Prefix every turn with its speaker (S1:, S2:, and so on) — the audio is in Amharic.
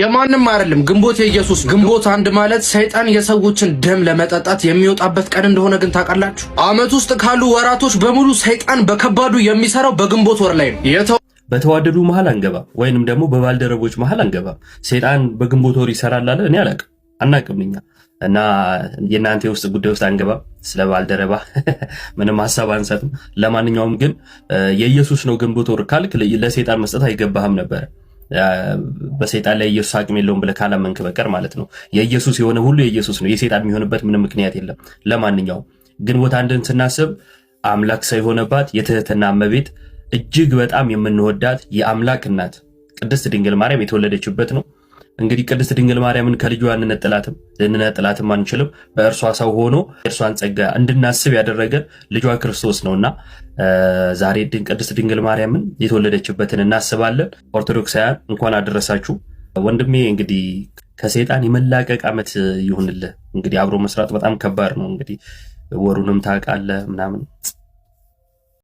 S1: የማንም አይደለም። ግንቦት የኢየሱስ ግንቦት አንድ ማለት ሰይጣን የሰዎችን ደም ለመጠጣት የሚወጣበት ቀን እንደሆነ ግን ታውቃላችሁ። አመት ውስጥ ካሉ ወራቶች በሙሉ ሰይጣን በከባዱ የሚሰራው በግንቦት ወር ላይ ነው።
S2: በተዋደዱ መሀል አንገባም፣ ወይንም ደግሞ በባልደረቦች መሀል አንገባም። ሰይጣን በግንቦት ወር ይሰራል አለ። እኔ አላቅም አናቅም እኛ እና የእናንተ የውስጥ ጉዳይ ውስጥ አንገባም። ስለ ባልደረባ ምንም ሀሳብ አንሰጥም። ለማንኛውም ግን የኢየሱስ ነው ግንቦት ወር ካልክ ለሰይጣን መስጠት አይገባህም ነበረ። በሰይጣን ላይ ኢየሱስ አቅም የለውም ብለህ ካላመንክ በቀር ማለት ነው። የኢየሱስ የሆነ ሁሉ የኢየሱስ ነው። የሰይጣን የሚሆንበት ምንም ምክንያት የለም። ለማንኛውም ግንቦት አንድን ስናስብ አምላክ ሰው የሆነባት የትህትና እመቤት እጅግ በጣም የምንወዳት የአምላክ እናት ቅድስት ድንግል ማርያም የተወለደችበት ነው። እንግዲህ ቅድስት ድንግል ማርያምን ከልጇ አንነጥላትም፣ ልንነጥላትም አንችልም። በእርሷ ሰው ሆኖ የእርሷን ጸጋ እንድናስብ ያደረገን ልጇ ክርስቶስ ነውና ዛሬ ቅድስት ድንግል ማርያምን የተወለደችበትን እናስባለን። ኦርቶዶክሳውያን እንኳን አደረሳችሁ። ወንድሜ እንግዲህ ከሰይጣን የመላቀቅ ዓመት ይሁንልህ። እንግዲህ አብሮ መስራት በጣም ከባድ ነው። እንግዲህ ወሩንም ታውቃለህ ምናምን